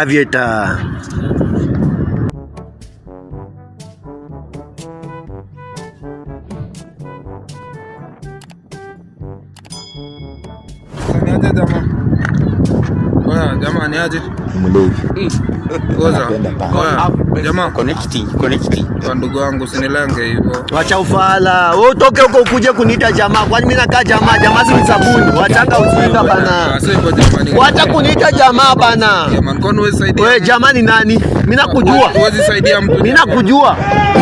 Aviator. Jama'a ne hajji. Mm. Ah, ndugu wangu sinilange hivyo. Wacha ufala. Wewe utoke huko ukuje kuniita jamaa. Kwani mimi nakaa jamaa? Jamaa si sabuni. Wachanga usienda bana. Ah, Wacha kuniita jamaa bana. Wewe jamaa ni nani? Mimi nakujua. Mimi nakujua.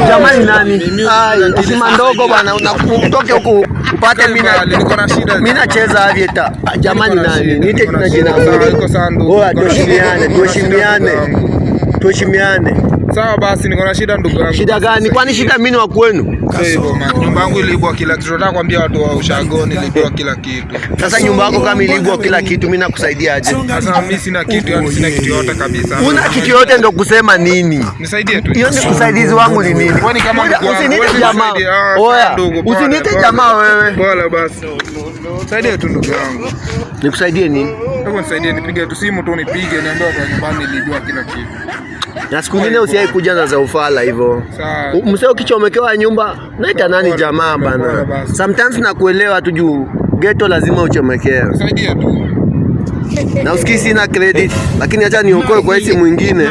Jamaa ni nani? Sima ndogo bana, utoke huko upate mimi nacheza avieta. Jamaa ni nani? Nite tunajina. Wewe ndio tuheshimiane, tuheshimiane. Sawa basi, niko na shida ndugu yangu. Shida gani? Kwani shida mimi ni wa kwenu? Nyumba yangu iliibwa kila kitu. Nataka kuambia watu wa ushagoni iliibwa kila kitu. Sasa nyumba yako kama iliibwa kila kitu, mimi nakusaidiaje? Sasa mimi sina kitu, yani sina kitu yote kabisa. Una kitu yote ndio kusema nini? Nisaidie tu. Hiyo ni usaidizi wangu ni nini? Kwani kama usinite jamaa. Ah, Oya. Usinite jamaa wewe. Bora basi. Nisaidie tu ndugu yangu. Nikusaidie nini? Nikusaidie nipige tu simu tu nipige niambie kwa wa nyumbani niliibwa kila kitu na siku zingine usiai kuja na za ufala hivyo, msee ukichomekewa nyumba naita nani jamaa bana. Sometimes nakuelewa tu juu geto lazima uchomekewe na usikii sina credit, lakini acha niokoe kwa esi mwingine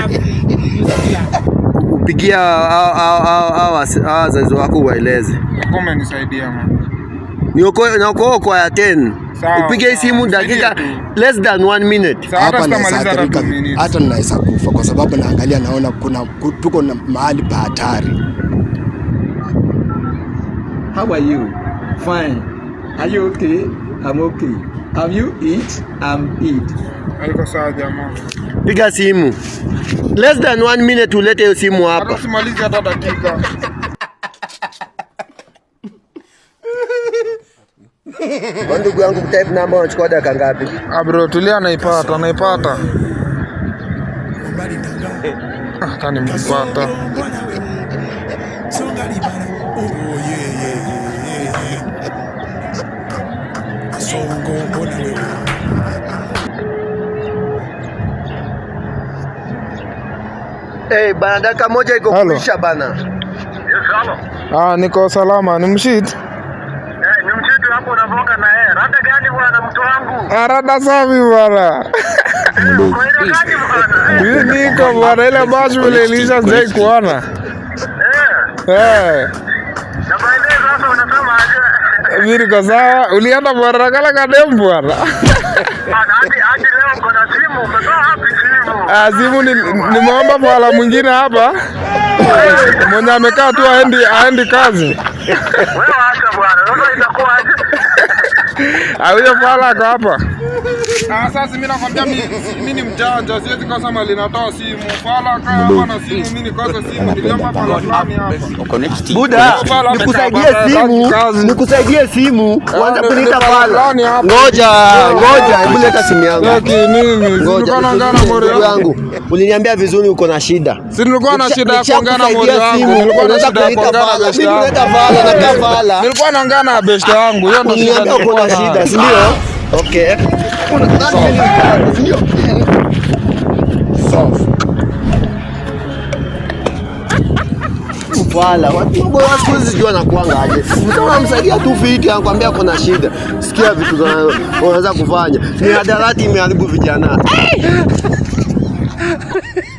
upigia hawa wazazi wako waeleze Kama nisaidia mama Naokoa ya 10. Upige simu dakika less than one minute. Hapa hata naweza kufa kwa sababu naangalia, naona kuna tuko na mahali pa hatari. How are you? Fine. Are you okay? I'm okay. Have you eat? I'm eat. Aliko sawa jamaa. Piga simu less than one minute, ulete hiyo simu hapa. Hata simalize hata dakika Kwa Ndugu yangu type namba unachukua dakika ngapi? Ah bro, tulia naipata, naipata. Ah, tani mpata. Eh, bana dakika moja iko kuisha bana. Ah, niko salama, ni mshit nakumbuka na yeye. Rada gani bwana mtu wangu? Ah, rada safi bwana. Eh, eh. Niko bwana ile bashi vile ilisha kuona. Eh. Eh. Na baada sasa unasema aje? Eh, mimi niko sawa. Ulienda bwana kala kadem bwana. Hadi hadi leo kuna simu, Ah, simu ni mwala mwingine hapa. Mwenye amekaa tu aendi aendi kazi. Wewe Aí eu falo a pô. Ah, sasa mimi nakwambia mimi ni mjanja, siwezi kosa mali natoa simu. Fala hapa na simu mimi nikosa simu niliomba kwa hapa. Buda, nikusaidie simu, nikusaidie simu. Ah, fala. Ngoja, ah, ngoja, hebu leta simu yangu. Ngoja. yangu, uliniambia vizuri uko na shida. Si nilikuwa na shida ya kuongea na mmoja wangu. Nilikuwa na shida ya kuongea na Nilikuwa Hiyo ndio shida. Uko na shida, si ndio? Okay. Wala watu wa siku tu fiti anakuambia kuna shida. Sikia vitu unaweza kufanya. Mihadarati imeharibu vijana.